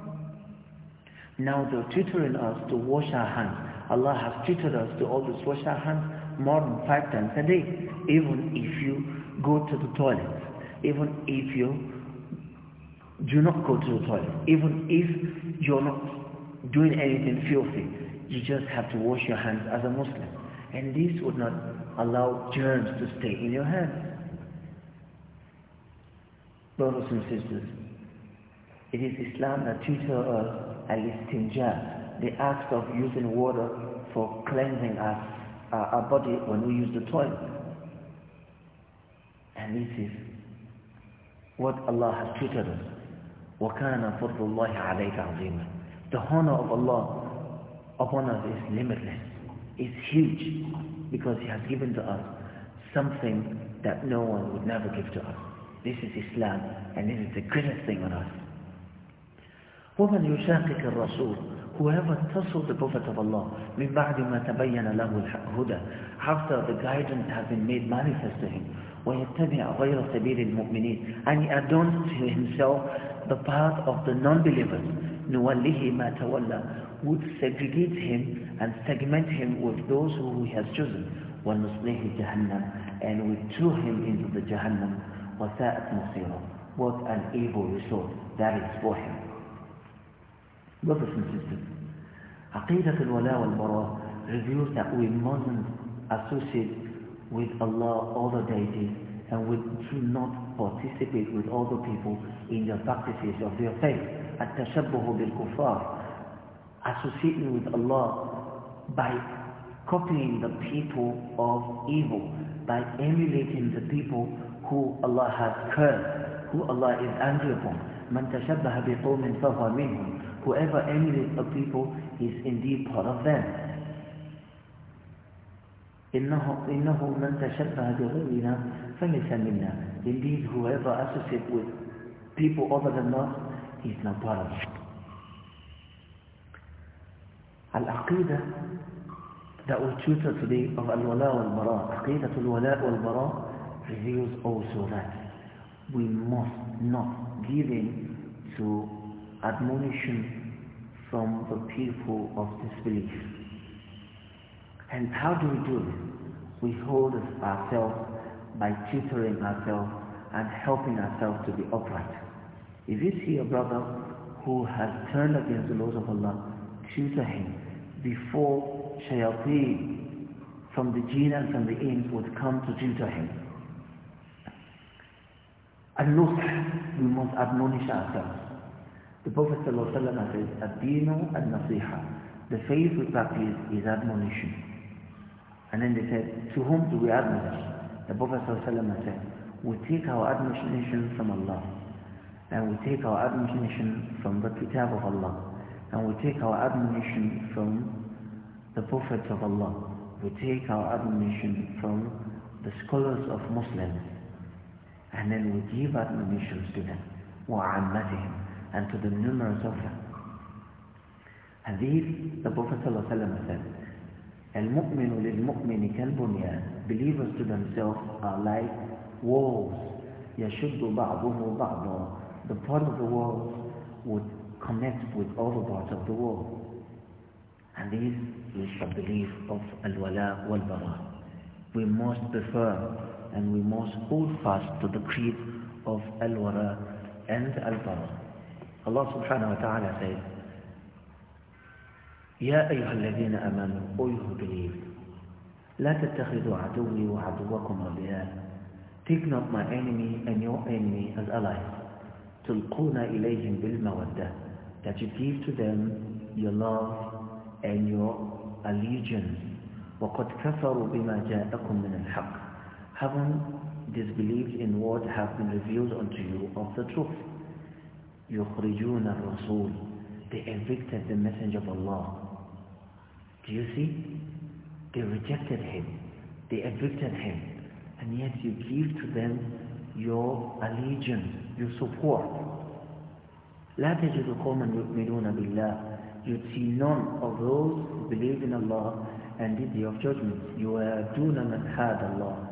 Now they're tutoring us to wash our hands. Allah has tutored us to always wash our hands more than five times a day. Even if you go to the toilet, even if you do not go to the toilet. Even if you're not doing anything filthy, you just have to wash your hands as a Muslim. And this would not allow germs to stay in your hands. Brothers and sisters, it is Islam that teaches us al-istinja, the act of using water for cleansing us, our, our body when we use the toilet. And this is what Allah has treated us. وَكَانَ فَضْلُ اللَّهِ عَلَيْكَ عَظِيمًا The honor of Allah upon us is limitless, is huge, because He has given to us something that no one would never give to us. This is Islam, and this is the greatest thing on us. وَمَنْ يُشَاقِقِ الرَّسُولِ whoever tussled the Prophet of Allah من بعد ما تبين له الهدى after the guidance has been made manifest to him ويتبع غير سبيل المؤمنين and he adorns to himself the path of the non-believers, نُوَلِّهِ مَا تَوَلَّى would segregate him and segment him with those who he has chosen. وَنُصْلِهِ جَهَنَّمْ and we threw him into the Jahannam. وَسَاءَتْ مَصِيرًا What an evil resort that is for him. Brothers and sisters, عقيدة wal والبراء reveals that we mustn't associate with Allah the deities and we do not participate with other people in the practices of their faith. At-tashabbuhu bil-kuffar, associating with Allah by copying the people of evil, by emulating the people who Allah has cursed, who Allah is angry upon. من تشبه بقوم منهم Whoever emulates a people is indeed part of them. إنه, إنه من تشبه بغيرنا فليس منا. Indeed, whoever associates with people other than us, is not part of us. العقيدة that we tutor today of al-wala عقيدة الولاء والبراء reveals also that we must not give in to admonition from the people of disbelief. And how do we do this? We hold ourselves by tutoring ourselves and helping ourselves to be upright. If you see a brother who has turned against the laws of Allah, tutor him before shayateen from the jinn and from the ins would come to tutor him. And look, we must admonish ourselves. The Prophet ﷺ says, Ad-dinu al-nasiha. The faith we practice is admonition. And then they said, to whom do we admonish? The Prophet ﷺ said, we take our admonition from Allah. And we take our admonition from the Kitab of Allah. And we take our admonition from the Prophets of Allah. We take our admonition from the scholars of Muslims. And then we give admonitions to them. وَعَمَّتِهِمْ And to the numerous of them. And these, the Prophet ﷺ said, المؤمن للمؤمن كالبنيان Believers to themselves are like walls يشد بعضه بعضا The part of the world would connect with other parts of the world. And this is the belief of Al-Wala wal-Bara. We must prefer and we must hold fast to the creed of Al-Wala and Al-Bara. Allah subhanahu wa ta'ala says, يا أيها الذين أمنوا أيها you لا تتخذوا عدوي وعدوكم أولياء Take not my enemy and your enemy as allies تلقون إليهم بالمودة That you give to them your love and your allegiance وقد كفروا بما جاءكم من الحق Haven't disbelieved in what has been revealed unto you of the truth يخرجون الرسول They evicted the messenger of Allah do you see? They rejected him. They evicted him. And yet you give to them your allegiance, your support. لا تجد قوما يؤمنون بالله You'd see none of those who believe in Allah and the day of judgment. You are دون من had Allah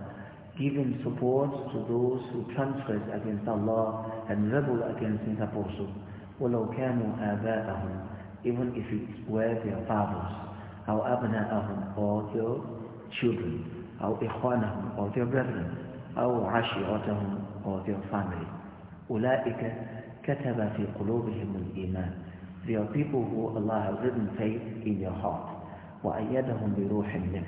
giving support to those who transgress against Allah and rebel against His Apostle, وَلَوْ كَانُوا آبَاءَهُمْ Even if it were their fathers. أو أبناءهم or your children our إخوانهم or your brethren our عشيرتهم or your family أولئك كتب في قلوبهم iman They are people who Allah has written faith in their heart وأيدهم بروح منه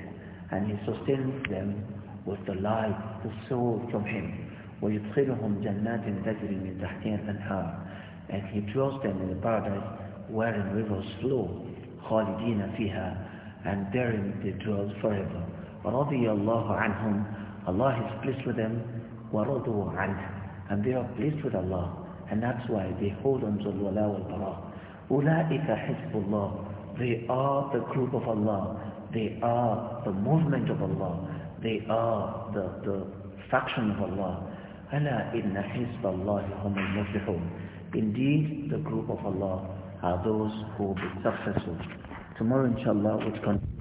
and He sustains them with the life, the soul from Him ويدخلهم جنات تجري من تحتها الأنهار and He draws them in the paradise wherein rivers flow خالدين فيها and therein they dwell forever. رضي الله عنهم Allah is pleased with them ورضوا عنه and they are pleased with Allah and that's why they hold on to الولاء والبراء أولئك حزب الله they are the group of Allah they are the movement of Allah they are the, the faction of Allah ألا إن حزب الله هم المفلحون Indeed, the group of Allah are those who will be successful. Tomorrow, inshallah, we'll continue.